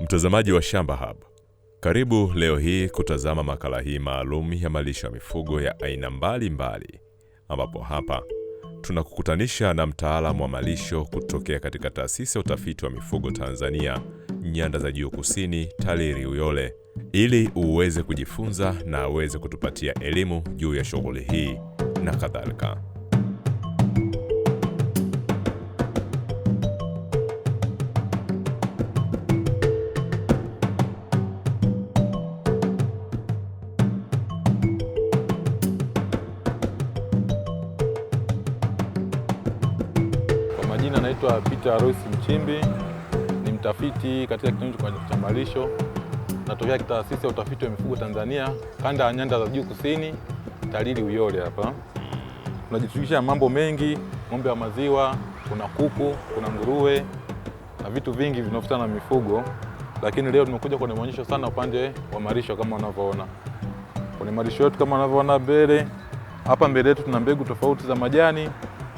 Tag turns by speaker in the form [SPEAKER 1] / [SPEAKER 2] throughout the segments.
[SPEAKER 1] Mtazamaji wa Shamba Hub, karibu leo hii kutazama makala hii maalum ya malisho ya mifugo ya aina mbalimbali, ambapo hapa tunakukutanisha na mtaalamu wa malisho kutokea katika Taasisi ya Utafiti wa Mifugo Tanzania, Nyanda za Juu Kusini, TALIRI Uyole, ili uweze kujifunza na aweze kutupatia elimu juu ya shughuli hii na kadhalika.
[SPEAKER 2] naitwa Royce Mchimbi, ni mtafiti katika kitengo cha malisho, natokea taasisi ya utafiti wa mifugo Tanzania, kanda ya nyanda za juu kusini, TALIRI Uyole. Hapa tunajishughulisha mambo mengi, ng'ombe wa maziwa, kuna kuku, kuna nguruwe na vitu vingi vinavyohusiana na mifugo, lakini leo tumekuja kwenye maonyesho sana upande wa malisho. Kama wanavyoona kwenye malisho yetu, kama wanavyoona mbele hapa, mbele yetu tuna mbegu tofauti za majani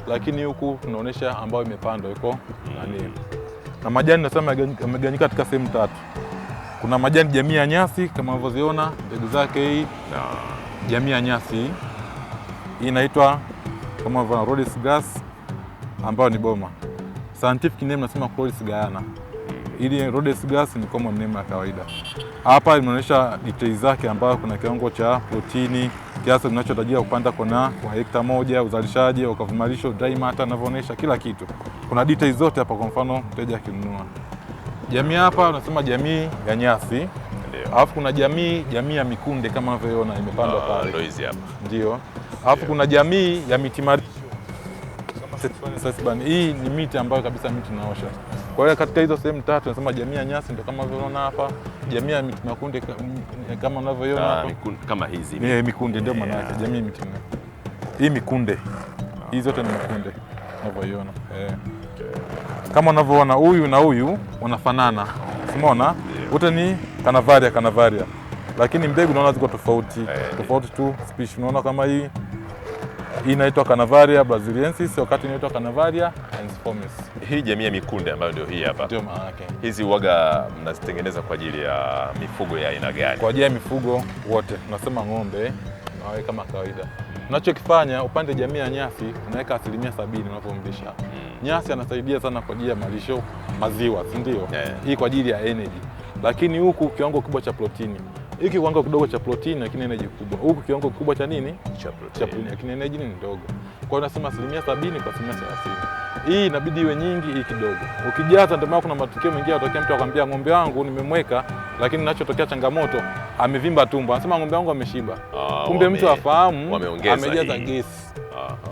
[SPEAKER 2] lakini huku tunaonyesha ambayo imepandwa iko nani, na majani nasema yameganyika katika sehemu tatu. Kuna majani jamii ya nyasi kama unavyoziona mbegu zake, hii jamii ya nyasi hii inaitwa kama Rhodes grass ambayo ni boma. Scientific name nasema Rhodes Guyana. Ili Rhodes grass ni common name ya kawaida. Hapa imeonyesha details zake ambayo kuna kiwango cha protini kiasi tunachotarajia kupanda kona kwa hekta moja, uzalishaji, wakavu malisho, dry matter anavyoonyesha kila kitu. Kuna details zote hapa, kwa mfano mteja akinunua. Jamii hapa unasema jamii ya nyasi, alafu kuna jamii jamii ya mikunde kama unavyoona imepandwa ah, pale. Ndio hizi hapa. Ndio. Alafu kuna jamii ya miti marisho. Hii ni miti ambayo kabisa miti naosha kwa hiyo katika hizo sehemu tatu tunasema jamii ya nyasi ndio kama unavyoona hapa, jamii ya miti makunde eh, kama unavyoona ah,
[SPEAKER 1] hapa, kama hizi
[SPEAKER 2] Eh, mikunde ndio maana yake jamii miti hii mikunde Hizi zote ni mikunde unavyoiona Eh. Kama unavyoona huyu na huyu wanafanana, umeona wote Ni Canavaria Canavaria, lakini mbegu naona ziko tofauti eh. Tofauti tu species, unaona kama hii hii inaitwa Canavaria brasiliensis, wakati inaitwa Canavaria ensiformis.
[SPEAKER 1] Hii jamii ya mikunde ambayo ndio hii hapa. Ndio maana yake. Hizi uoga mnazitengeneza kwa ajili ya mifugo ya aina gani?
[SPEAKER 2] Kwa ajili ya mifugo wote, tunasema ng'ombe nawe kama kawaida unachokifanya upande jamii ya nyasi unaweka asilimia sabini unapomlisha Hmm. Nyasi anasaidia sana kwa ajili ya malisho, maziwa, si ndio? yeah. Hii kwa ajili ya energy, lakini huku kiwango kikubwa cha protini hiki kiwango kidogo cha protini lakini energy kubwa, huku kiwango kikubwa cha nini
[SPEAKER 1] cha protini
[SPEAKER 2] lakini energy ni ndogo. Kwa hiyo unasema asilimia sabini kwa asilimia thelathini hii inabidi iwe nyingi, hii kidogo. Ukijaza, ndio maana kuna matukio mengine yanatokea, mtu akwambia ng'ombe wangu nimemweka, lakini nachotokea changamoto, amevimba tumbo, anasema ng'ombe wangu ameshiba. Ah, kumbe wame, mtu afahamu amejaza gesi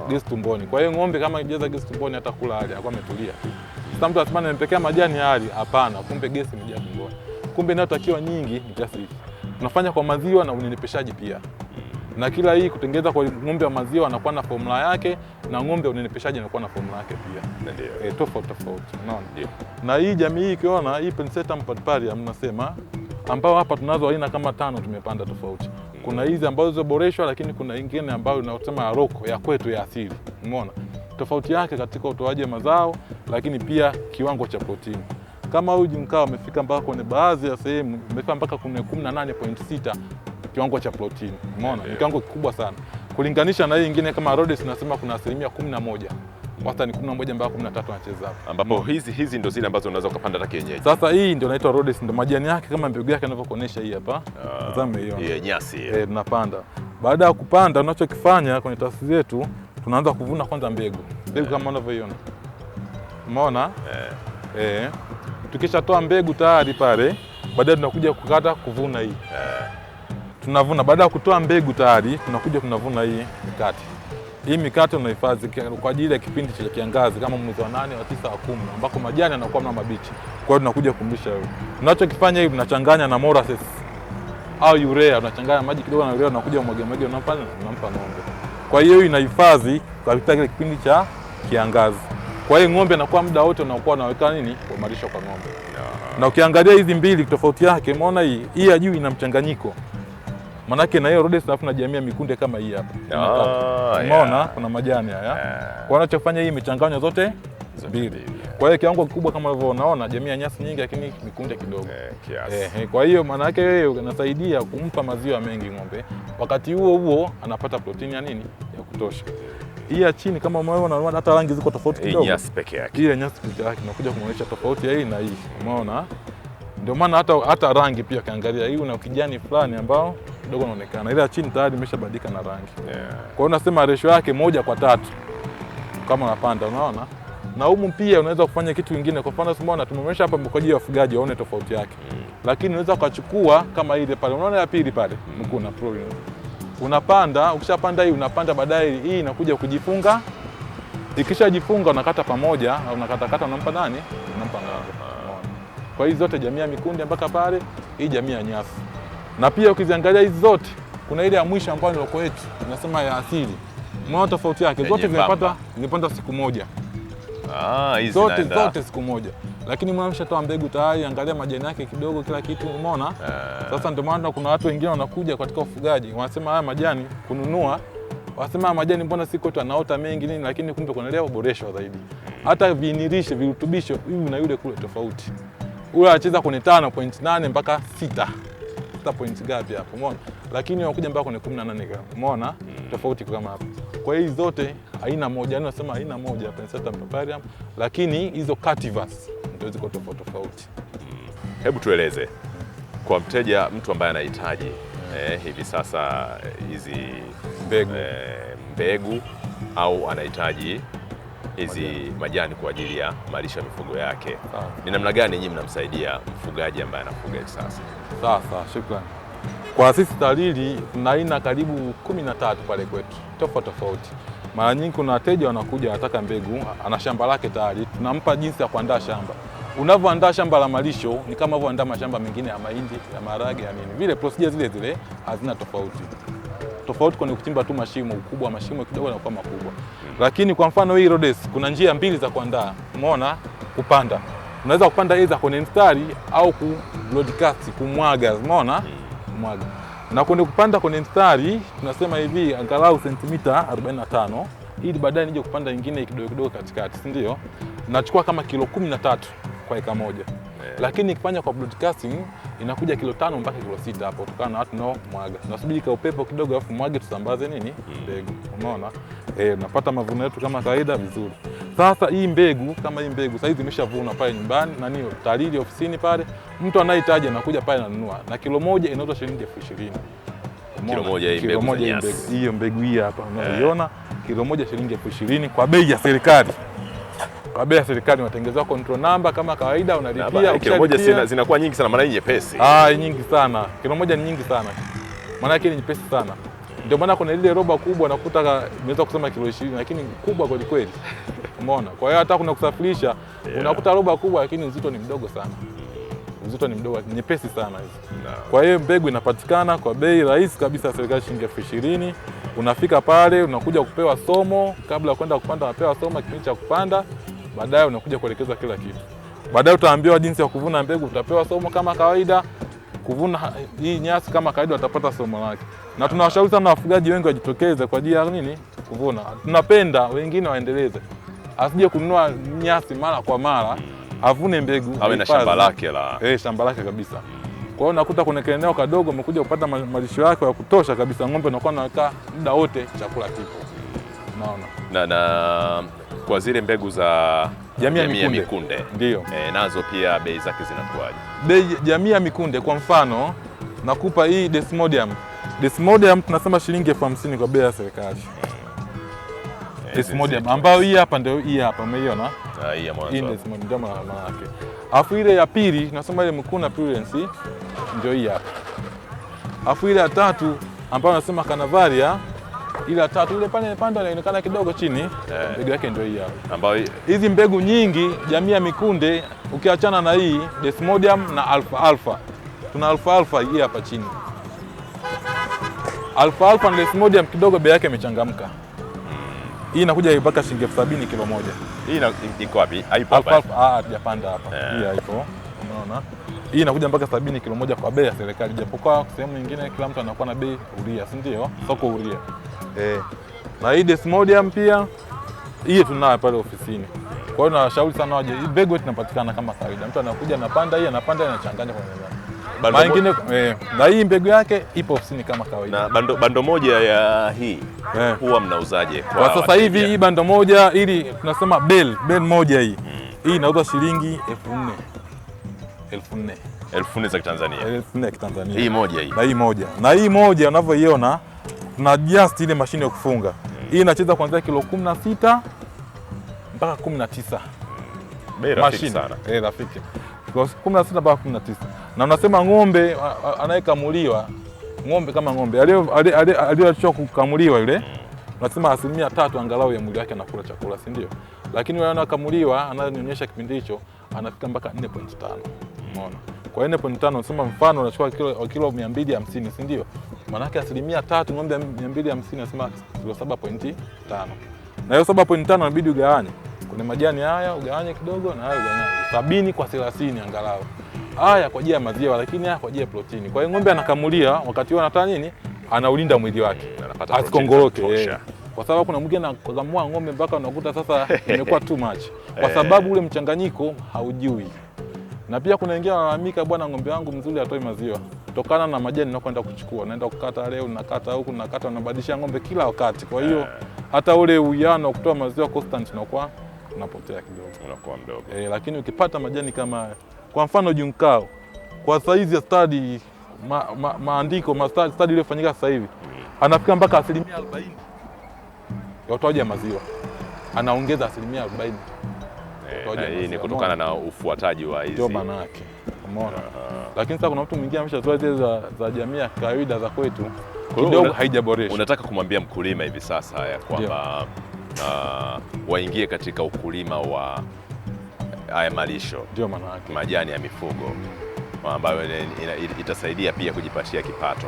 [SPEAKER 2] gesi tumboni. Kwa hiyo ng'ombe kama ijaza gesi tumboni, atakula hali akawa ametulia. Sasa mtu anasema nimepekea majani hali, hapana, kumbe gesi imejaa tumboni, kumbe inayotakiwa nyingi ni kiasi hiki tunafanya kwa maziwa na unenepeshaji pia, na kila hii kutengeneza kwa ng'ombe wa maziwa anakuwa na formula yake na ng'ombe unenepeshaji anakuwa na formula yake pia e, tofauti tofauti, unaona. Na hii jamii hii ukiona hii Pensetum pauliparium mnasema, ambao hapa tunazo aina kama tano tumepanda tofauti. Kuna hizi ambazo zoboreshwa lakini kuna ingine ambayo inasema ya roko ya kwetu ya asili, umeona tofauti yake katika utoaji wa mazao, lakini pia kiwango cha protini. Kama uji mkaa umefika mpaka kwenye baadhi ya sehemu umefika mpaka kwenye nane point sita kiwango cha protini. Umeona? Ni eh, eh. kiwango kikubwa sana kulinganisha na hii ingine kama Rhodes nasema kuna asilimia 11 wastani 11 mpaka tatu anacheza hapo,
[SPEAKER 1] ambapo hizi hizi ndo zile ambazo unaweza ukapanda hata kienyeji.
[SPEAKER 2] Sasa hii ndio inaitwa Rhodes, ndo majani yake kama mbegu yake inavyokuonesha hii hapa, ah, tazama hiyo
[SPEAKER 1] yeah, nyasi yeah.
[SPEAKER 2] Eh, tunapanda. Baada ya kupanda, unachokifanya kwenye taasisi yetu tunaanza kuvuna kwanza mbegu mbegu yeah. kama unavyoiona umeona eh. Eh. Tukishatoa mbegu tayari pale, baadaye tunakuja kukata kuvuna hii Tunavuna baada ya kutoa mbegu tayari, tunakuja tunavuna hii mikate. Hii mikate unahifadhi kwa ajili ya kipindi cha kiangazi kama mwezi wa nane, wa tisa, wa kumi ambako majani yanakuwa na mabichi. Kwa hiyo tunakuja kumlisha huyo. Tunachokifanya hivi tunachanganya na molasses au urea, tunachanganya maji kidogo na urea, tunakuja mwaga mwaga, unampa tunampa ng'ombe. Kwa hiyo inahifadhi kwa kipindi cha kiangazi. Kwa hiyo ng'ombe anakuwa muda wote unakuwa unaweka nini, kuimarisha kwa ng'ombe yeah. Na ukiangalia hizi mbili tofauti yake, umeona hii hii ya juu ina mchanganyiko manake na hiyo Rhodes alafu na jamii ya mikunde kama hii hapa ah, umeona, yeah. kuna majani haya yeah. Kwa anachofanya hii imechanganywa zote mbili. Kwa hiyo kiwango kikubwa kama hivyo unaona jamii ya nyasi nyingi, lakini mikunja kidogo
[SPEAKER 1] eh, kiasi. Eh,
[SPEAKER 2] eh, kwa hiyo maana yake wewe unasaidia kumpa maziwa mengi ng'ombe, wakati huo huo anapata protini ya nini ya kutosha. Hii ya chini kama umeona hata rangi ziko tofauti eh, kidogo,
[SPEAKER 1] hii nyasi peke yake,
[SPEAKER 2] hii nyasi peke yake nakuja kuonyesha tofauti ya hii na hii, umeona ndio maana hata, hata rangi pia kaangalia hii una kijani fulani ambao kidogo unaonekana, ile ya chini tayari imeshabadilika na rangi yeah. Kwa hiyo unasema ratio yake moja kwa tatu kama unapanda, unaona na humu pia unaweza kufanya kitu kingine. Kwa mfano, tumeona tumeonyesha hapa kwa ajili ya wafugaji waone tofauti yake, mm. lakini unaweza ukachukua kama ile pale, unaona ya pili pale mm. mkuu na pro unapanda. Ukishapanda hii unapanda, baadaye hii inakuja kujifunga. Ikishajifunga unakata pamoja, unakatakata, unampa nani? Unampa ng'ombe. Kwa hizi zote jamii ya mikunde mpaka pale hii jamii ya nyasi, na pia ukiziangalia hizi zote, kuna ile ya mwisho ambayo ni loko yetu, nasema ya asili. Mwana tofauti yake zote zimepata zimepanda siku moja. Ah, hizi zote naenda. zote siku moja, lakini mwamsha toa mbegu tayari, angalia majani yake kidogo, kila kitu umeona. eh. Sasa ndio maana kuna watu wengine wanakuja katika ufugaji wanasema haya majani kununua, wanasema majani mbona siku tu anaota mengi nini, lakini kumbe kuna leo boreshwa zaidi, hata vinirishe virutubisho hivi na yule kule tofauti. Ule anacheza kwenye 5.8 mpaka 6 sita point gapi hapo, umeona, lakini wakuja mpaka kwenye 18 umeona, hmm. tofauti kama hapo. Kwa hizi zote aina moja, yaani nasema aina moja Pennsata Paparium, lakini hizo cultivars ndio ziko tofauti tofauti.
[SPEAKER 1] Hmm. Hebu tueleze kwa mteja, mtu ambaye anahitaji eh, hivi sasa eh, hizi
[SPEAKER 2] mbegu, eh,
[SPEAKER 1] mbegu au anahitaji hizi majani, majani kwa ajili ya malisha mifugo yake, ni namna gani nyinyi mnamsaidia mfugaji ambaye anafuga hivi sasa?
[SPEAKER 2] Sawa sawa, shukrani. Kwa sisi TALIRI tuna aina karibu kumi na tatu pale kwetu tofauti tofauti. Mara nyingi kuna wateja wanakuja wanataka mbegu, ana shamba lake tayari, tunampa jinsi ya kuandaa shamba. Unavyoandaa shamba la malisho ni kama unavyoandaa mashamba mengine ya mahindi, ya maharage, ya nini, vile procedure zile zile, hazina tofauti. Tofauti kwenye kuchimba tu mashimo, ukubwa mashimo kidogo yanakuwa makubwa. Lakini kwa mfano hii Rhodes, kuna njia mbili za kuandaa. Umeona, kupanda, unaweza kupanda aidha kwenye mstari au ku broadcast, kumwaga. Umeona kumwaga. Na kwenye kupanda kwenye mstari tunasema hivi angalau sentimita 45 ili baadaye nije kupanda nyingine kidogo kidogo katikati, si ndio? Nachukua kama kilo 13 kwa eka moja, eh. lakini nikifanya kwa broadcasting inakuja kilo tano mpaka kilo sita hapo, kutokana na watu nao mwaga. Tunasubiri ka upepo kidogo, alafu mwage tusambaze nini hmm. mbegu. Unaona e, eh, napata mavuno yetu kama kawaida vizuri. Sasa hii mbegu kama hii mbegu saizi imeshavuna pale nyumbani nani tarili ofisini pale, mtu anayehitaji anakuja pale ananunua, na kilo moja inauzwa shilingi elfu ishirini
[SPEAKER 1] kilo moja hii mbegu hiyo mbegu hii hapa eh.
[SPEAKER 2] unaiona, kilo moja shilingi elfu ishirini kwa bei ya serikali kwa bei ya serikali unatengezewa control number kama kawaida unalipia.
[SPEAKER 1] Kilo moja zinakuwa nyingi sana, maana ni nyepesi.
[SPEAKER 2] Ah, nyingi sana, kilo moja ni nyingi sana, maana yake ni nyepesi sana. Ndio maana kuna ile roba kubwa nakuta imeweza kusema kilo 20 lakini kubwa kweli kweli, umeona. Kwa hiyo hata kuna kusafirisha yeah. unakuta roba kubwa lakini uzito ni mdogo sana, uzito ni mdogo, nyepesi sana hizo no. Kwa hiyo mbegu inapatikana kwa bei rahisi kabisa, serikali shilingi elfu ishirini. Unafika pale unakuja kupewa somo kabla ya kwenda kupanda, unapewa somo kipindi cha kupanda baadaye unakuja kuelekeza kila kitu. Baadaye utaambiwa jinsi ya kuvuna mbegu, utapewa somo kama kawaida, kuvuna hii nyasi kama kawaida, watapata somo lake. Na tunawashauri sana wafugaji wengi wajitokeze kwa ajili ya nini? Kuvuna. Tunapenda wengine waendeleze, asije kununua nyasi mara kwa mara, avune mbegu,
[SPEAKER 1] awe na shamba lake la
[SPEAKER 2] eh, shamba lake kabisa. Kwa hiyo nakuta kuna eneo kadogo, umekuja kupata malisho yako ya kutosha kabisa, ng'ombe unakuwa unakaa muda wote, chakula kipo, unaona na na kwa zile mbegu za jamii ya mikunde, mikunde. Ndio.
[SPEAKER 1] E, nazo pia bei zake zinakuwaje?
[SPEAKER 2] Bei jamii ya mikunde kwa mfano nakupa hii desmodium. Desmodium tunasema shilingi elfu hamsini kwa bei ya serikali eh, eh, desmodium, ambayo hii hapa ndio hii hapa umeiona ah, hii ndio maana yake. Alafu ile ya pili tunasema ile mkuna prudence ndio hii hapa. Alafu ile ya tatu ambayo nasema canavaria ila tatu ile pale panda inaonekana kidogo chini yeah. Mbegu yake ndio hii hapa, ambayo hizi mbegu nyingi jamii ya mikunde ukiachana na hii Desmodium na alfa alfa, tuna alfa alfa hii hapa chini, alfa alfa na Desmodium kidogo bei yake imechangamka. Hii inakuja mpaka shilingi elfu sabini kilo moja.
[SPEAKER 1] Hii iko wapi?
[SPEAKER 2] Haipo hapa. Alfa alfa, ah, tujapanda hapa. Eh. Hii haipo. Unaona, hii inakuja mpaka sabini kilo moja kwa bei ya serikali, japokuwa sehemu nyingine kila mtu anakuwa na bei huria, si ndio? Soko huria eh. Na hii desmodium pia hii tunayo pale ofisini. Kwa hiyo nawashauri sana waje. Hii begwet inapatikana kama kawaida, mtu anakuja anapanda hii anapanda anachanganya kwenye bando eh, na hii mbegu yake ipo ofisini kama kawaida.
[SPEAKER 1] Na bando, bando moja ya hii eh, huwa mnauzaje
[SPEAKER 2] kwa sasa hivi? Hii bando moja ili tunasema bel bel moja hii hmm, hii inauzwa shilingi elfu nne elfu nne
[SPEAKER 1] elfu nne za Kitanzania,
[SPEAKER 2] elfu nne ya Kitanzania hii moja hii na hii moja na hii moja unavyoiona, tuna just ile mashine ya kufunga mm. hii inacheza kuanzia kilo 16 mpaka 19 hmm.
[SPEAKER 1] bei rafiki sana,
[SPEAKER 2] eh rafiki 16 mpaka Na unasema ng'ombe anayekamuliwa, ng'ombe kama ng'ombe aliyoachwa kukamuliwa yule, hmm. unasema asilimia tatu angalau ya mwili wake anakula chakula, si ndio? Lakini wanaokamuliwa ananyonyesha kipindi hicho anafika mpaka 4.5. Umeona? Kwa 4.5 sema mfano unachukua kilo kilo 250, si ndio? Maana yake asilimia tatu ng'ombe 250 nasema kilo 7.5. Na hiyo 7.5 inabidi ugawanye. Kuna majani haya ugawanye kidogo na haya ugawanye. Sabini kwa 30 angalau. Haya kwa ajili ya maziwa lakini haya kwa ajili ya protini. Kwa hiyo ng'ombe anakamulia wakati huo anataka nini? Anaulinda mwili wake. Mm, anapata Asikongoroke kwa sababu kuna mwingine anakamua ng'ombe mpaka unakuta sasa imekuwa too much, kwa eh. sababu ule mchanganyiko haujui. Na pia kuna wengine wanalalamika, bwana, ng'ombe wangu mzuri hatoi maziwa kutokana na majani nakwenda kuchukua, naenda kukata leo, nakata huku, nakata, unabadilisha ng'ombe kila wakati. Kwa hiyo eh. hata ule uwiano wa kutoa maziwa constant unakuwa unapotea kidogo, unakuwa mdogo e. Lakini ukipata majani kama kwa mfano junkao, kwa saizi ya study ma, ma, maandiko ma stadi iliyofanyika sasa hivi mm. anafika mpaka asilimia arobaini ya utoaji ya maziwa anaongeza asilimia arobaini.
[SPEAKER 1] Eh, hii ni kutokana na ufuataji wa hizi.
[SPEAKER 2] Ndio maana yake. Umeona? Lakini sasa kuna mtu mwingine ameshatoa zile za, za jamii ya kawaida za kwetu kidogo haijaboreshwa.
[SPEAKER 1] Unataka kumwambia mkulima hivi sasa ya kwamba uh, waingie katika ukulima wa haya malisho.
[SPEAKER 2] Ndio maana yake.
[SPEAKER 1] Majani ya mifugo mm. ambayo itasaidia pia kujipatia kipato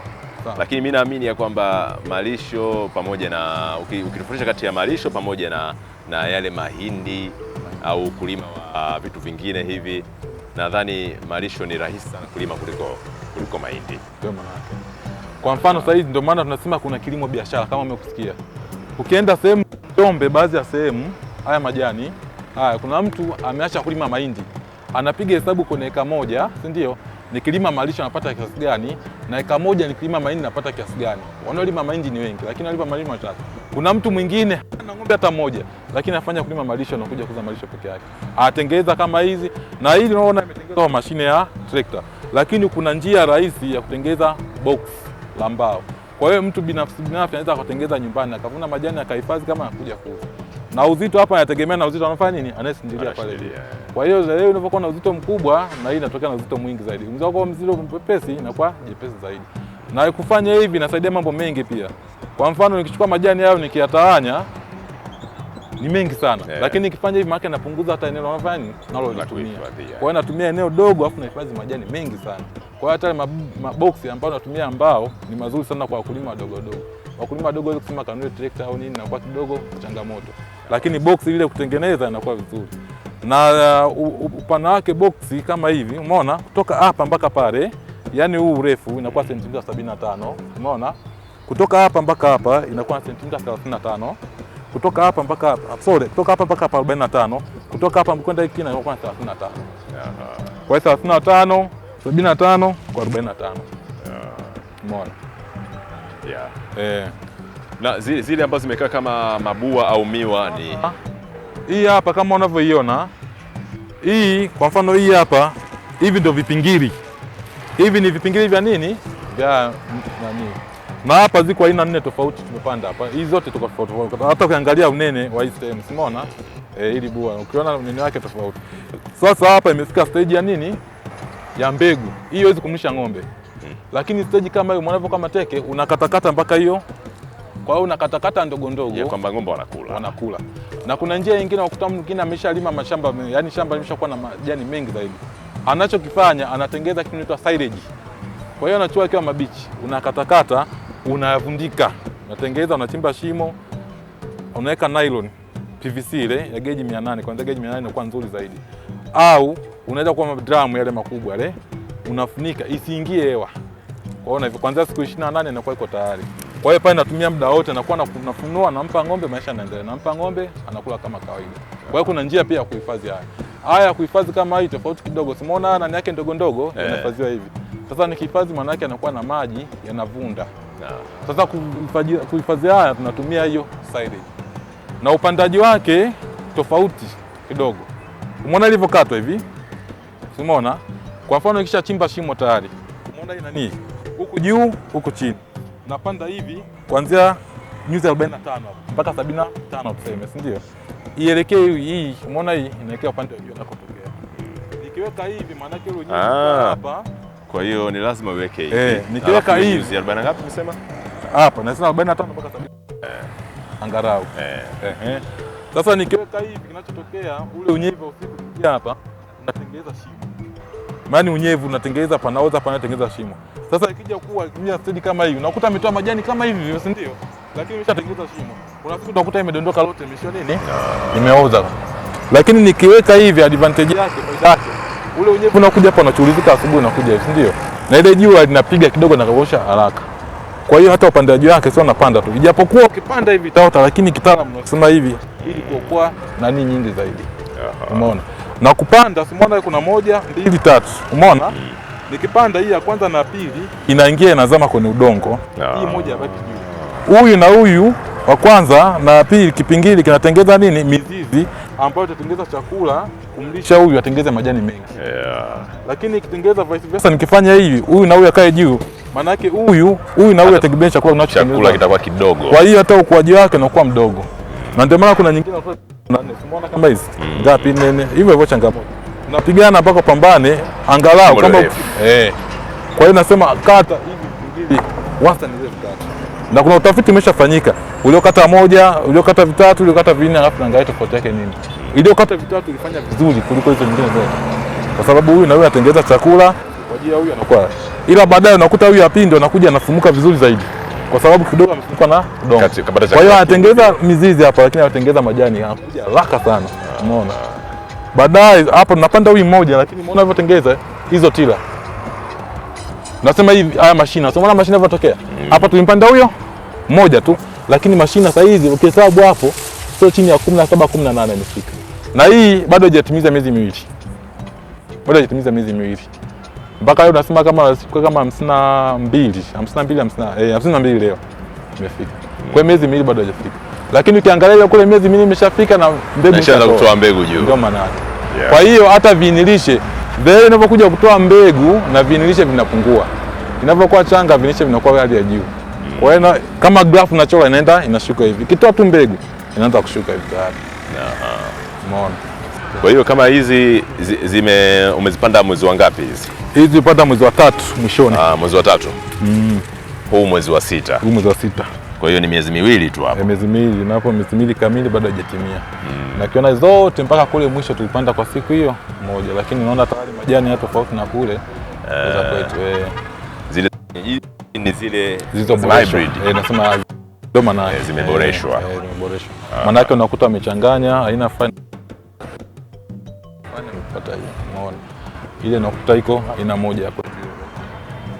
[SPEAKER 1] lakini mi naamini ya kwamba malisho pamoja na ukitofautisha kati ya malisho pamoja na, na yale mahindi au ukulima wa vitu vingine hivi, nadhani malisho ni rahisi sana kulima kuliko, kuliko mahindi.
[SPEAKER 2] Kwa mfano sasa hivi ndio maana tunasema kuna kilimo biashara, kama umekusikia. Ukienda sehemu Njombe, baadhi ya sehemu haya majani haya, kuna mtu ameacha kulima mahindi, anapiga hesabu kwenye eka moja, si ndio? nikilima malisho napata kiasi gani, na eka moja nikilima mahindi napata kiasi gani. Wanaolima mahindi ni wengi, lakini analipa malisho machache. Kuna mtu mwingine ana ng'ombe hata moja, lakini afanya kulima malisho na kuja kuuza malisho peke yake, atengeza kama hizi na hili unaona imetengenezwa kwa mashine ya trekta, lakini kuna njia rahisi ya kutengeza box la mbao. Kwa hiyo mtu binafsi binafsi anaweza akatengeza nyumbani akavuna majani akahifadhi kama anakuja kuuza na uzito hapa inategemea na uzito anafanya nini, anayesindilia pale. Kwa hiyo zile unapokuwa na uzito mkubwa, na hii inatokea na uzito mwingi zaidi, kwa mzito mpepesi na kwa jepesi zaidi, na kufanya hivi inasaidia mambo mengi pia. Kwa mfano nikichukua majani hayo nikiyatawanya ni mengi sana yeah. Lakini nikifanya hivi maana napunguza hata eneo nalofanya nini nalolitumia. Kwa hiyo natumia eneo dogo afu nahifadhi majani mengi sana. Kwa hiyo hata maboksi ambayo natumia ambao ni mazuri sana kwa wakulima wadogo wadogo. Wakulima wadogo wanaweza kusema kanuni trekta au nini na kwa kidogo changamoto lakini boksi lile kutengeneza inakuwa vizuri na uh, upana wake boksi kama hivi, umeona kutoka hapa mpaka pale, yani huu urefu inakuwa sentimita 75, umeona kutoka hapa mpaka hapa inakuwa sentimita 35, kutoka hapa mpaka hapa sorry, kutoka hapa mpaka hapa 45, kutoka hapa kwenda hiki inakuwa 35. Kwa hiyo 35 75 kwa 45, umeona
[SPEAKER 1] yeah. Eh na zile, zile ambazo zimekaa kama mabua au miwa ni
[SPEAKER 2] hii hapa kama unavyoiona hii. Kwa mfano hii hapa, hivi ndio vipingili, hivi ni vipingili vya nini vya nani, na hapa ziko aina nne tofauti tumepanda hapa, hii zote tuko tofauti. Hata ukiangalia unene wa hii sehemu simona e, ili bua ukiona unene wake tofauti. Sasa hapa imefika stage ya nini ya mbegu, hii huwezi kumlisha ng'ombe, mm. lakini stage kama hiyo mwanavyo kama teke unakatakata mpaka hiyo kwa hiyo unakatakata ndogo ndogo
[SPEAKER 1] kwamba ng'ombe wanakula.
[SPEAKER 2] Wanakula. Na kuna njia nyingine wakuta mtu mwingine ameshalima mashamba, yani shamba limeshakuwa na majani mengi zaidi. Anachokifanya anatengeneza kitu kinaitwa silage. Kwa hiyo anachukua akiwa mabichi, unakatakata, unayavundika. Unatengeneza, unachimba shimo, unaweka nylon PVC ile ya geji 800, kwanza geji 800 inakuwa nzuri zaidi. Au unaweza kuwa madramu yale makubwa yale, unafunika isiingie hewa. Kwa hiyo kwanza siku 28 inakuwa iko tayari. Kwa hiyo pale natumia muda wote, nakuwa nafunua, nampa ng'ombe, maisha yanaendelea, nampa ng'ombe, anakula kama kawaida. Kwa hiyo kuna njia pia ya kuhifadhi haya haya, kuhifadhi kama hii tofauti kidogo, simona nani yake ndogo ndogo eh. yanahifadhiwa yeah. hivi sasa nikihifadhi, maana yake anakuwa na maji yanavunda yeah. Sasa kuhifadhi haya tunatumia hiyo silage na upandaji wake tofauti kidogo. Umeona ilivyokatwa hivi, simona. Kwa mfano ikishachimba shimo tayari, umeona ina nini huku juu huku chini napanda hivi kuanzia nyuzi 45 mpaka 75 tuseme, si ndio? Ielekee hii, umeona hii inaelekea upande wa juu na nakotokea. Nikiweka hivi maana yake ile nyuzi ah. hapa.
[SPEAKER 1] Kwa hiyo ni lazima uweke hivi.
[SPEAKER 2] Eh, nikiweka hivi nyuzi
[SPEAKER 1] 40 ngapi umesema?
[SPEAKER 2] Hapa na 45 mpaka 70. Eh. Angarau. Eh. eh. Eh. Sasa nikiweka hivi kinachotokea ule unyevu usiku hapa unatengeneza shimo. Maana unyevu unatengeneza panaoza panatengeneza shimo. Sasa ikija kuwa ikitumia stedi kama hii, unakuta ametoa majani kama hivi, si ndio? Lakini imeshatengeneza shimo, kuna siku utakuta imedondoka lote, imesha nini, imeoza. Lakini nikiweka hivi, advantage yake, faida yake, ule unyevu unakuja hapa, unachulizika asubuhi, unakuja hivi, si ndio? Na ile jua linapiga kidogo na kuosha haraka. Kwa hiyo hata upandaji wake sio unapanda tu, ijapokuwa ukipanda hivi itaota, lakini kitaalamu unasema hivi ili kuokoa nani nyingi zaidi, umeona. Na kupanda simona, kuna moja mbili tatu, umeona mm nikipanda hii ya kwanza na pili inaingia inazama kwenye udongo no. hii ah. moja baki juu. Huyu na huyu wa kwanza na pili, kipingili kinatengeza nini, mizizi ambayo itatengeza chakula kumlisha huyu atengeze majani mengi yeah. Lakini ikitengeza vice versa, nikifanya hivi, huyu na huyu akae juu, maana yake huyu huyu na huyu ategemea chakula kinachotengeza,
[SPEAKER 1] chakula kitakuwa kidogo,
[SPEAKER 2] kwa hiyo hata ukuaji wake unakuwa mdogo, na ndio maana kuna nyingine mm. unaona kama hizi ngapi, nene hivyo hivyo changamoto napigana mpaka pambane angalau kama eh. Kwa hiyo nasema kata hivi wastani zetu kata, na kuna utafiti umeshafanyika, uliokata moja, uliokata vitatu, uliokata vinne, alafu naangalia tofauti yake nini. Iliyokata vitatu ilifanya vizuri kuliko hizo nyingine zote, kwa sababu huyu na huyu anatengeneza chakula kwa ajili ya huyu anakuwa, ila baadaye unakuta huyu apindi anakuja anafumuka vizuri zaidi kwa sababu kidogo amefumuka na udongo. Kwa hiyo anatengeneza mizizi hapa, lakini anatengeneza majani hapa haraka sana, umeona baadaye hapo napanda huyu mmoja, lakini unaona ninavyotengeza hizo tila, nasema hivi haya mashina, so unaona mashina yanatokea mm. hapa. mm. Tulimpanda huyo mmoja tu, lakini mashina sasa hizi ukihesabu hapo sio chini ya 17 18 imefika, na hii bado haijatimiza miezi miwili, bado haijatimiza miezi miwili mpaka leo nasema kama kwa kama 52 52 mbili hamsini na mbili hamsini na eh, leo imefika mm. kwa miezi miwili bado haijafika, lakini ukiangalia kule miezi miwili imeshafika na
[SPEAKER 1] mbegu kutoa mbegu juu,
[SPEAKER 2] ndio maana yeah. Kwa hiyo hata viinilishe vile inapokuja kutoa mbegu na viinilishe vinapungua, inapokuwa changa viinilishe vinakuwa hali ya juu mm. Kwa hiyo kama grafu nachora inaenda inashuka hivi, kitoa tu mbegu inaanza kushuka hivi tayari umeona.
[SPEAKER 1] Kwa hiyo kama hizi zime umezipanda mwezi wa ngapi hizi?
[SPEAKER 2] Hizi zimepanda mwezi wa tatu mwishoni.
[SPEAKER 1] Ah, mwezi wa tatu mm. Huu mwezi wa sita, huu mwezi wa sita kwa hiyo ni miezi miwili tu hapo,
[SPEAKER 2] miezi miwili na hapo miezi miwili kamili bado haijatimia mm. Na kiona zote mpaka kule mwisho tulipanda kwa siku hiyo moja, lakini naona tayari majani ya tofauti na kule eh. Eh.
[SPEAKER 1] zile ni zile
[SPEAKER 2] hybrid eh, nasema ndio maana
[SPEAKER 1] zimeboreshwa, zimeboreshwa
[SPEAKER 2] ah. maana yake unakuta amechanganya aina fani. Fani mpata hiyo, unaona ile nakuta iko ina moja hapo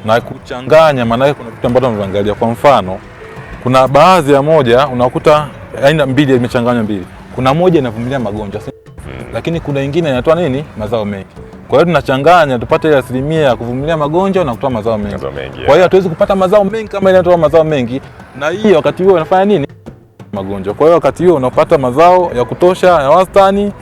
[SPEAKER 2] na kuchanganya, maana yake kuna vitu ambavyo tunaangalia kwa mfano kuna baadhi ya moja unakuta aina mbili imechanganywa mbili, kuna moja inavumilia magonjwa hmm, lakini kuna ingine inatoa nini mazao mengi. Kwa hiyo tunachanganya tupate ile asilimia ya kuvumilia magonjwa na kutoa mazao mengi, mazao mengi. Kwa hiyo hatuwezi kupata mazao mengi kama ile inatoa mazao mengi, na hii wakati huo inafanya nini magonjwa. Kwa hiyo wakati huo unapata mazao ya kutosha ya wastani,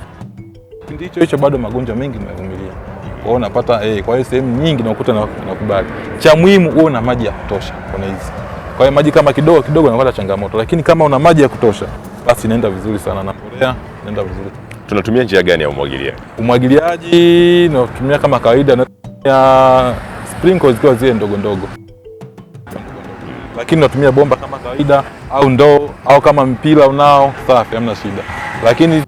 [SPEAKER 2] kipindi hicho hicho bado magonjwa mengi yamevumilia kwa hiyo unapata eh, kwa hiyo sehemu nyingi nakuta nakubali, cha muhimu uwe na maji ya kutosha kwa hizi kwa hiyo maji kama kidogo kidogo unapata changamoto, lakini kama una maji ya kutosha, basi inaenda vizuri sana na mbolea inaenda vizuri.
[SPEAKER 1] Tunatumia njia gani ya umwagiliaji?
[SPEAKER 2] Umwagiliaji natumia kama kawaida na sprinkles zikiwa zile ndogo ndogo, lakini natumia bomba kama kawaida au ndoo au kama mpira unao, safi, hamna shida. Lakini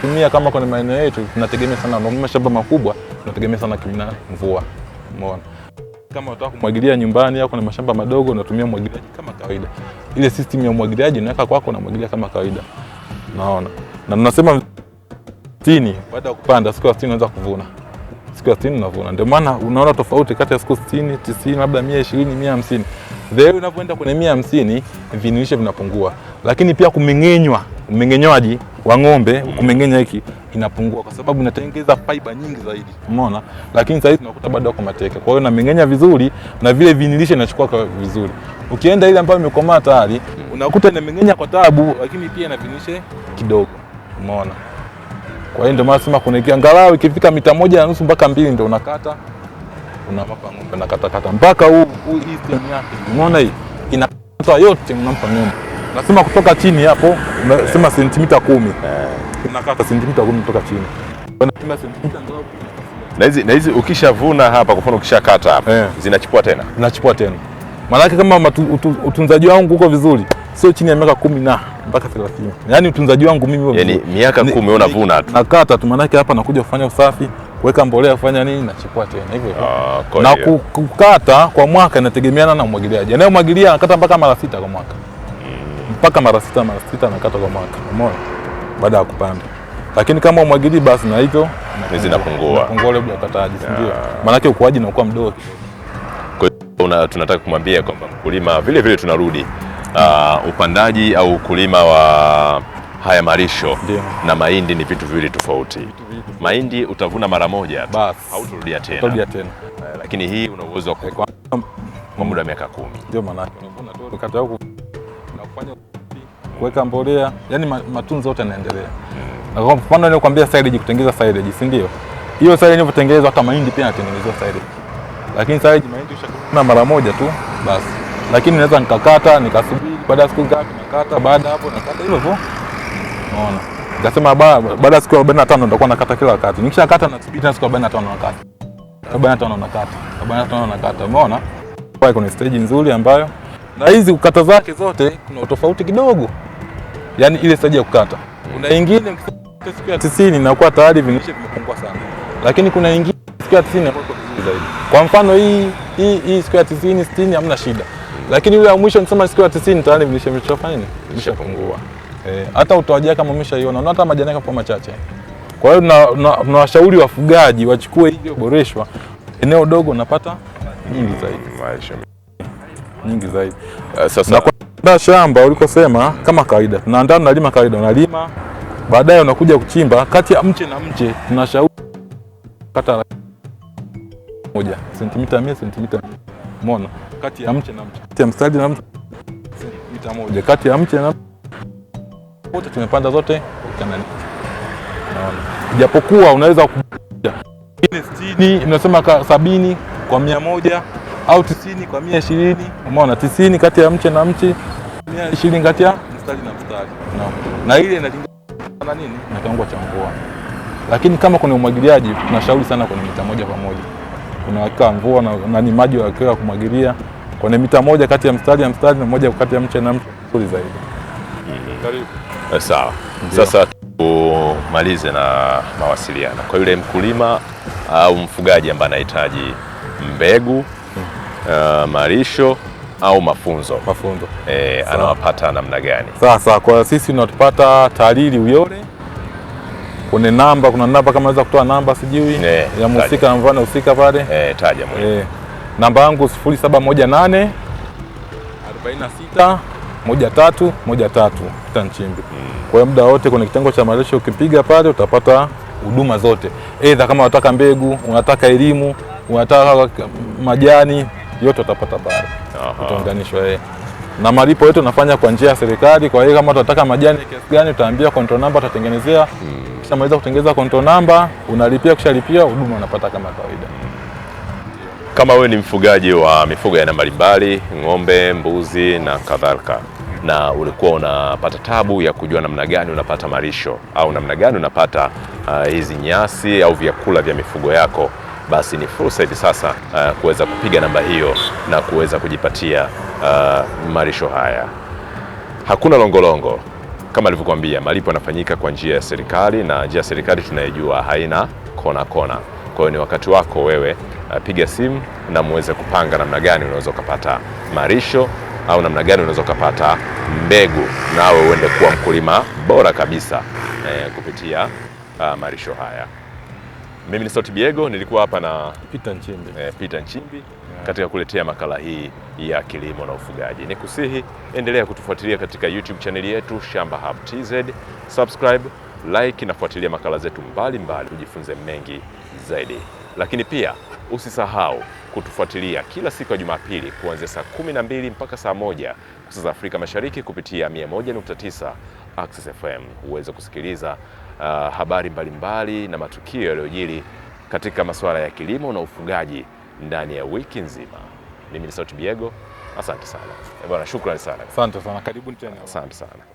[SPEAKER 2] tumia kama kwenye maeneo yetu tunategemea sana, mashamba makubwa tunategemea sana kimna mvua, umeona kama unataka kumwagilia nyumbani au kuna mashamba madogo, unatumia mwagiliaji kama kawaida. Ile system ya umwagiliaji unaweka kwako, unamwagilia kama kawaida. Naona na tunasema sitini baada ya kupanda, siku ya sitini unaweza kuvuna, siku ya sitini unavuna. Ndio maana unaona tofauti kati ya siku sitini, tisini, labda mia ishirini, mia hamsini. Unavyoenda kwenye mia hamsini vinilishe vinapungua, lakini pia kumeng'enywa mmengenyaji wa ng'ombe kumengenya hiki inapungua kwa sababu inatengeneza fiber nyingi zaidi, umeona. Lakini sasa tunakuta bado kwa mateke, kwa hiyo namengenya vizuri na vile vinilishe inachukua kwa vizuri. Ukienda ile ambayo imekomaa tayari unakuta inamengenya kwa taabu, lakini pia inavinilishe kidogo, umeona. Kwa hiyo ndio maana sema kuna angalau ikifika mita moja na nusu mpaka mbili ndio unakata unampa ng'ombe, na katakata mpaka huu hii sehemu yake, umeona, hii inakata yote unampa ng'ombe nasema kutoka chini hapo, nasema sentimita kumi eh. nakata sentimita kumi kutoka chini na hizi na hizi ukishavuna hapa, kwa mfano ukishakata hapa yeah, zinachipua tena zinachipua tena Maana yake kama matu, utu, utunzaji wangu uko vizuri, sio chini ya miaka kumi na mpaka 30 Yaani utunzaji wangu mimi
[SPEAKER 1] yani, miaka kumi unavuna tu
[SPEAKER 2] nakata tu, maana yake hapa nakuja kufanya usafi, kuweka mbolea, kufanya nini, nachipua tena hivyo hivyo. Ah, na kukata kwa mwaka inategemeana na umwagiliaji. Anayemwagilia anakata mpaka mara sita kwa mwaka mpaka mara sita mara sita anakata kwa mwaka, umeona, baada ya kupanda. Lakini kama umwagilii basi na hivyo
[SPEAKER 1] zinapungua
[SPEAKER 2] labda ukataji, si ndio? Maanake ukuaji unakuwa mdogo.
[SPEAKER 1] Kwa tunataka kumwambia kwamba mkulima vile vile tunarudi uh, upandaji au ukulima wa haya malisho Deo. na mahindi ni vitu viwili tofauti. Mahindi utavuna mara moja basi, hautarudia tena, utarudia tena uh, lakini hii una uwezo wa eh, kwa muda wa miaka kumi,
[SPEAKER 2] ndio maana unavuna tu kufanya kuweka mbolea, yani matunzo yote yanaendelea. Kwa mfano ile kuambia silage, kutengeza silage, si ndio? Hiyo silage inavyotengenezwa, hata mahindi pia yanatengenezwa silage, lakini silage mahindi ushakuna mara moja tu basi, lakini naweza nikakata nikasubiri baada ya siku ngapi, nakata baada hapo nakata hivyo hivyo, unaona Nikasema baada ya siku 45 nitakuwa nakata kila wakati. Nikishakata nasubiri tena siku arobaini na tano nakata, 45 nakata, 45 nakata. Umeona, kwa hiyo kuna stage nzuri ambayo na hizi kukata zake zote kuna utofauti kidogo, yaani ile staji ya kukata, kuna mm. ingine siku ya tisini inakuwa tayari vinisha vimepungua sana, lakini kuna ingine siku ya tisini zaidi. Kwa mfano hii hii hii siku ya tisini sitini hamna shida, lakini yule ya mwisho nisema siku ya tisini tayari vinisha vimeshafanya nini,
[SPEAKER 1] vimeshapungua.
[SPEAKER 2] E, eh, hata utoaji kama umeshaiona na hata majani yake machache. Kwa hiyo tunawashauri wafugaji wachukue hivyo boreshwa, eneo dogo napata nyingi zaidi. Mm, nyingi zaidi. Uh, sasa na kuandaa shamba ulikosema, kama kawaida tunaandaa, tunalima kawaida, unalima baadaye unakuja kuchimba. Kati ya mche na mche tunashauri kata moja sentimita mia sentimita mona, kati ya mche na mche, kati ya mstari na mche sentimita moja, kati ya mche na wote tumepanda zote kanani, naona japokuwa unaweza kuja 60 mnasema sabini kwa mia moja au tisini kwa mia ishirini umeona, tisini kati ya mche na mche, mia ishirini kati ya mstari na mstari no. na ile inalingana na nini na kiwango cha mvua, lakini kama kuna umwagiliaji tunashauri sana kwenye mita moja kwa moja, kuna uhakika mvua na nani maji wakiwa kumwagilia kwenye mita moja kati ya mstari ya mstari na moja kati ya mche na mche, nzuri zaidi.
[SPEAKER 1] Karibu. Eh, sawa, sasa tumalize na mawasiliano kwa yule mkulima ah, au mfugaji ambaye anahitaji mbegu Eh, marisho malisho au mafunzo, mafunzo. E, anawapata namna gani?
[SPEAKER 2] Sasa kwa sisi unatupata Talili Uyole kuna namba, kuna namba kama naweza kutoa namba sijui ne, ya mhusika mvana husika pale e, taja e, namba yangu 0718 46 moja tatu moja tatu Peter Nchimbi. Hmm. Kwa hiyo muda wote kwenye kitengo cha malisho ukipiga pale utapata huduma zote, aidha kama unataka mbegu, unataka elimu, unataka majani yote utapata bara, utaunganishwa yeye na malipo yetu nafanya kwa njia ya serikali. Kwa hiyo kama tunataka majani kiasi gani, utaambia control number, atatengenezea. hmm. Kisha maliza kutengeneza control number, unalipia, ukishalipia huduma unapata kama kawaida.
[SPEAKER 1] Kama wewe ni mfugaji wa mifugo ya aina mbalimbali, ng'ombe, mbuzi na kadhalika, na ulikuwa unapata tabu ya kujua namna gani unapata malisho au namna gani unapata uh, hizi nyasi au vyakula vya mifugo yako basi ni fursa hivi sasa uh, kuweza kupiga namba hiyo na kuweza kujipatia uh, marisho haya. Hakuna longolongo longo. Kama alivyokuambia, malipo yanafanyika kwa njia ya serikali na njia ya serikali tunayejua haina kona kona. Kwa hiyo ni wakati wako wewe, uh, piga simu na muweze kupanga namna gani unaweza ukapata marisho au namna gani unaweza ukapata mbegu nawe uende kuwa mkulima bora kabisa eh, kupitia uh, marisho haya. Mimi ni Sauti Biego, nilikuwa hapa na
[SPEAKER 2] Peter Nchimbi,
[SPEAKER 1] eh, Peter Nchimbi yeah. katika kuletea makala hii ya kilimo na ufugaji. Nikusihi endelea kutufuatilia katika YouTube chaneli yetu Shamba Hub TZ. Subscribe, like na fuatilia makala zetu mbalimbali ujifunze mengi zaidi, lakini pia usisahau kutufuatilia kila siku ya Jumapili kuanzia saa 12 mpaka saa moja kwa saa za Afrika Mashariki kupitia 101.9 Access FM uweze kusikiliza uh, habari mbalimbali mbali na matukio yaliyojiri katika masuala ya kilimo na ufugaji ndani ya wiki nzima. Mimi ni Sauti Biego, asante sana eh, bwana, shukrani sana,
[SPEAKER 2] asante sana, karibuni tena,
[SPEAKER 1] asante sana.